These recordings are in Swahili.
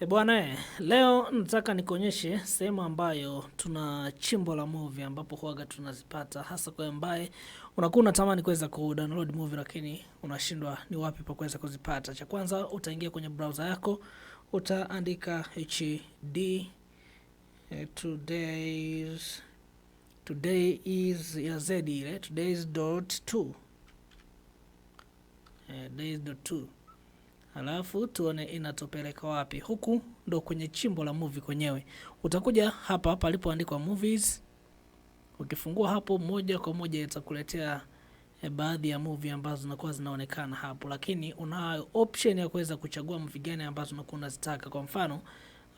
E bwana, eh, leo nataka nikuonyeshe sehemu ambayo tuna chimbo la movie ambapo huaga tunazipata, hasa kwa ambaye unakuwa unatamani kuweza download movie lakini unashindwa ni wapi pa kuweza kuzipata. Cha kwanza utaingia kwenye browser yako, utaandika HD eh, today's today is ya z ile today's dot 2 days dot alafu tuone inatopeleka wapi. Huku ndo kwenye chimbo la movie kwenyewe. Utakuja hapa palipoandikwa movies. Ukifungua hapo moja kwa moja itakuletea e, baadhi ya movie ambazo zinakuwa zinaonekana hapo, lakini una option ya kuweza kuchagua movie gani ambazo unakuwa unazitaka. Kwa mfano,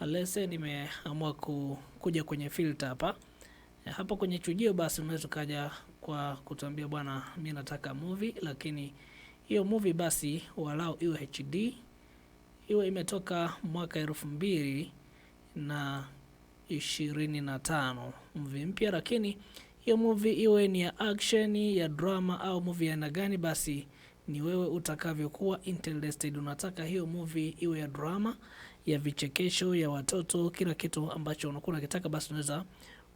lese nimeamua kuja kwenye filter hapa. E, hapa kwenye chujio basi unaweza ukaja kwa kutuambia bwana, mimi nataka movie lakini hiyo movie basi walau iwe HD, iwe imetoka mwaka elfu mbili na ishirini na tano movie mpya, lakini hiyo movie iwe ni ya action, ya drama au movie ya aina gani, basi ni wewe utakavyokuwa interested. Unataka hiyo movie iwe ya drama, ya vichekesho, ya watoto, kila kitu ambacho unakuwa unakitaka, basi unaweza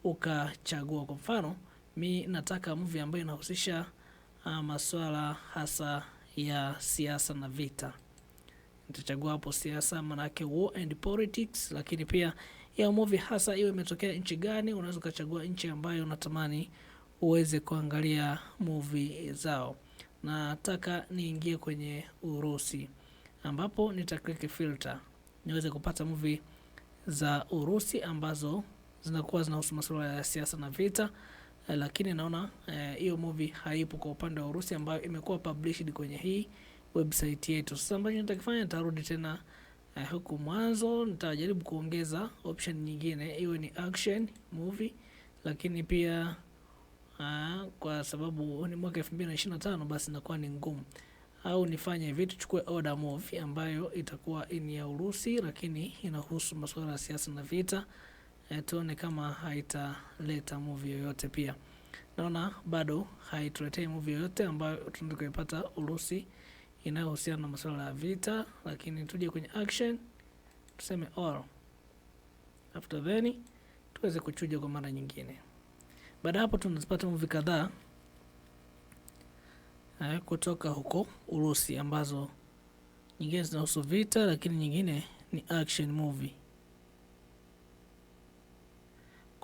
ukachagua. Kwa mfano, mi nataka movie ambayo inahusisha ah, masuala hasa ya siasa na vita. Nitachagua hapo siasa, manake war and politics, lakini pia ya movie hasa iwe imetokea nchi gani. Unaweza ukachagua nchi ambayo unatamani uweze kuangalia movie zao. Nataka niingie kwenye Urusi, ambapo nitaklik filter niweze kupata movie za Urusi ambazo zinakuwa zinahusu masuala ya siasa na vita. Eh, lakini naona eh, hiyo uh, movie haipo kwa upande wa Urusi ambayo imekuwa published kwenye hii website yetu. Sasa ambacho nitakifanya nitarudi tena uh, huku mwanzo, nitajaribu kuongeza option nyingine iwe ni action movie, lakini pia uh, kwa sababu ni mwaka 2025 basi inakuwa ni ngumu, au nifanye vitu chukue order movie ambayo itakuwa ni ya Urusi, lakini inahusu masuala ya siasa na vita eh, tuone kama haitaleta movie yoyote. Pia naona bado haituletei movie yoyote ambayo tunaweza kuipata Urusi inayohusiana na masuala ya vita, lakini tuje kwenye action tuseme all after then tuweze kuchuja kwa mara nyingine. Baada hapo tunazipata movie kadhaa eh, kutoka huko Urusi ambazo nyingine zinahusu vita, lakini nyingine ni action movie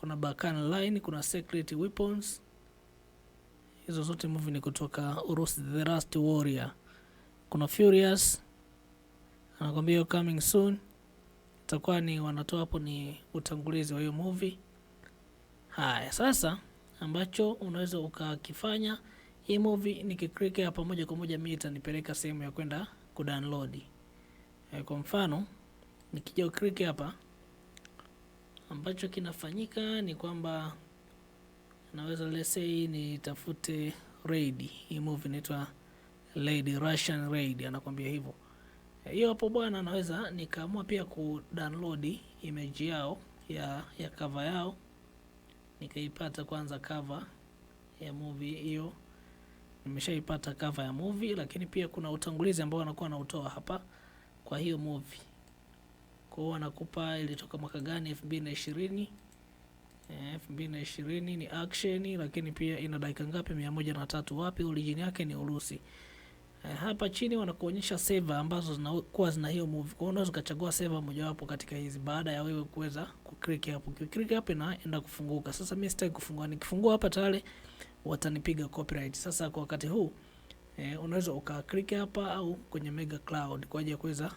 kuna Bakan Line, kuna Secret Weapons. Hizo zote movie ni kutoka Urusi the Last Warrior. Kuna Furious anakwambia coming soon, itakuwa ni wanatoa hapo ni utangulizi wa hiyo movie. Haya, sasa ambacho unaweza ukakifanya hii movie nikiklik hapa moja kwa moja mimi itanipeleka sehemu ya kwenda kudownload. Eh, kwa mfano nikija uklik hapa ambacho kinafanyika ni kwamba naweza let's say nitafute raid. Hii movie inaitwa lady Russian Raid, anakwambia hivyo. Hiyo hapo bwana, naweza nikaamua pia download image yao ya ya cover yao, nikaipata kwanza cover ya movie hiyo. Nimeshaipata cover ya movie, lakini pia kuna utangulizi ambao wanakuwa wanautoa hapa kwa hiyo movie kwa hiyo anakupa ilitoka mwaka gani, elfu mbili na ishirini eh, elfu mbili na ishirini ni action, lakini pia ina dakika ngapi? mia moja na tatu. Wapi origin yake ni Urusi. E, hapa chini wanakuonyesha seva ambazo zinakuwa zina hiyo movie. Kwa hiyo unaweza kuchagua seva mojawapo katika hizi, baada ya wewe kuweza kuklik hapo. Ukiklik hapo inaenda kufunguka. Sasa mimi sitaki kufungua, nikifungua hapa tayari watanipiga copyright. Sasa kwa wakati huu e, unaweza ukaklik hapa au kwenye mega cloud kwa ajili ya kuweza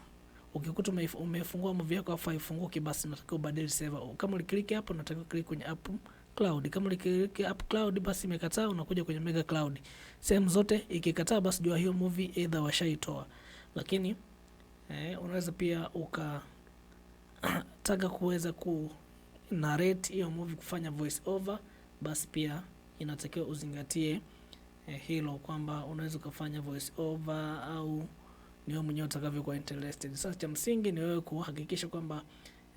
ukikuta umefungua movie yako afu haifunguki, basi unatakiwa ubadili seva. Kama uliklik hapo, unatakiwa kliki kwenye app cloud. Kama uliklik app cloud basi imekataa, unakuja kwenye mega cloud. Sehemu zote ikikataa, basi jua hiyo movie either washaitoa. Lakini eh, unaweza pia ukataka kuweza ku narrate hiyo movie, kufanya voice over, basi pia inatakiwa uzingatie eh, hilo kwamba unaweza ukafanya voice over au ni wewe mwenyewe utakavyokuwa interested. Sasa cha msingi ni wewe kuhakikisha kwamba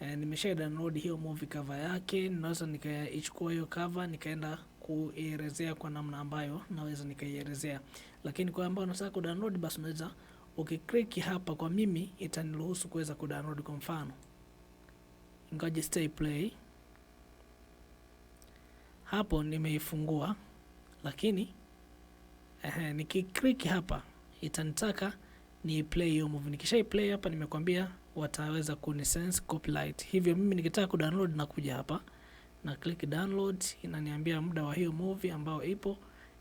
eh, nimesha download hiyo movie cover yake, naweza nikaichukua hiyo cover nikaenda kuielezea kwa namna ambayo naweza nikaielezea. Lakini kwa ambao unataka ku download basi unaweza ukiklik hapa, kwa mimi itaniruhusu kuweza ku download Kwa mfano, ngoja stay play hapo, nimeifungua lakini ehe, nikiklik hapa itanitaka ni play hiyo movie. Nikisha play hapa, nimekwambia wataweza kunisense copyright. Hivyo mimi nikitaka ku kudownload nakuja hapa na click download, inaniambia muda wa hiyo movie ambayo ipo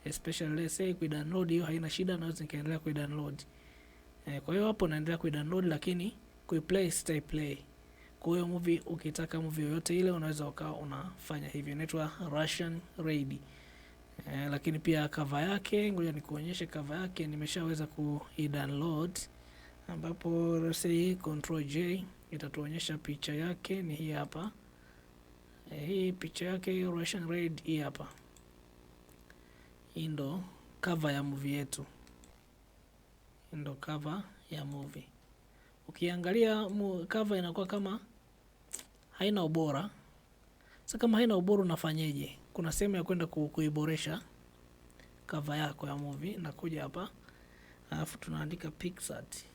especially let's say ku download hiyo haina shida, naweza nikaendelea ku download Eh, kwa hiyo hapo naendelea ku download, lakini ku play stay play. Kwa hiyo movie, ukitaka movie yoyote ile unaweza ukawa unafanya hivyo, inaitwa Russian Raid eh, lakini pia cover yake, ngoja nikuonyeshe cover yake, nimeshaweza ku-download ambapo say control J itatuonyesha picha yake ni hii hapa eh, hii picha yake Russian Red hii hapa. Hii ndo cover ya movie yetu, ndo cover ya movie. Ukiangalia cover inakuwa kama haina ubora. Sasa kama haina ubora unafanyeje? kuna sehemu ya kwenda kuiboresha kava yako ya movie, na kuja hapa alafu tunaandika pixart,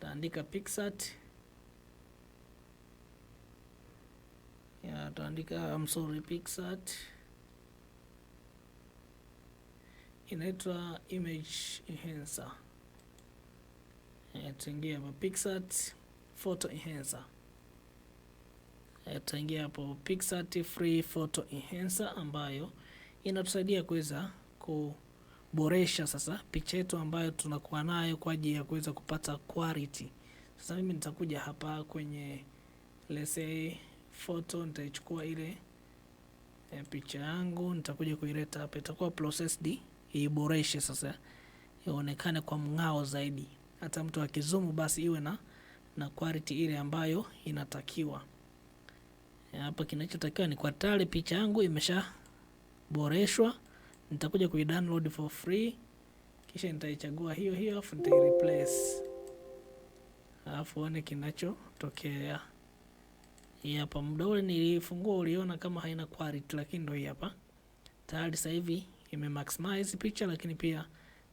taandika pixart ya taandika, I'm sorry, pixart inaitwa image enhancer, eh, tuingia hapa pixart photo enhancer tutaingia hapo Pixart Free Photo Enhancer ambayo inatusaidia kuweza kuboresha sasa picha yetu ambayo tunakuwa nayo kwa ajili ya kuweza kupata quality. Sasa mimi nitakuja hapa kwenye let's say photo, nitaichukua ile e, picha yangu nitakuja kuileta hapa, itakuwa processed iboreshe sasa ionekane kwa mng'ao zaidi, hata mtu akizumu basi iwe na na quality ile ambayo inatakiwa. Hapa kinachotakiwa ni kwa tayari picha yangu imeshaboreshwa, nitakuja kui download for free, kisha nitaichagua hiyo hiyo afu nita replace, alafu one kinachotokea. Hii hapa, muda ule nilifungua uliona kama haina quality, lakini ndio hii hapa tayari sasa hivi ime maximize picha, lakini pia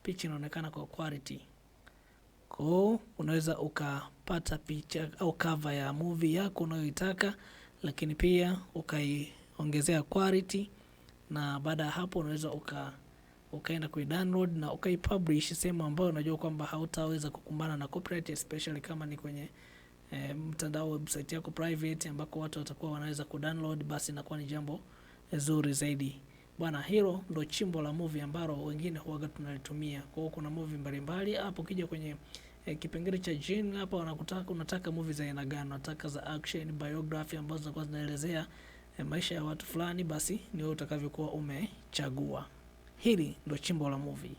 picha inaonekana kwa quality. Kwa unaweza ukapata picha au cover ya movie yako unayoitaka lakini pia ukaiongezea quality, na baada ya hapo unaweza uka ukaenda kui download na ukaipublish sehemu ambayo unajua kwamba hautaweza kukumbana na copyright, especially kama ni kwenye e, mtandao website yako private ambako watu watakuwa wanaweza kudownload, basi inakuwa ni jambo zuri zaidi. Bwana, hilo ndo chimbo la movie ambalo wengine huaga tunalitumia. Kwa hiyo kuna movie mbalimbali hapo, ukija kwenye eh, kipengele cha jini hapa wanakutaka unataka movie za aina gani? Unataka za action, biography ambazo zinakuwa zinaelezea eh, maisha ya watu fulani, basi ni wewe utakavyokuwa umechagua. Hili ndio chimbo la movie.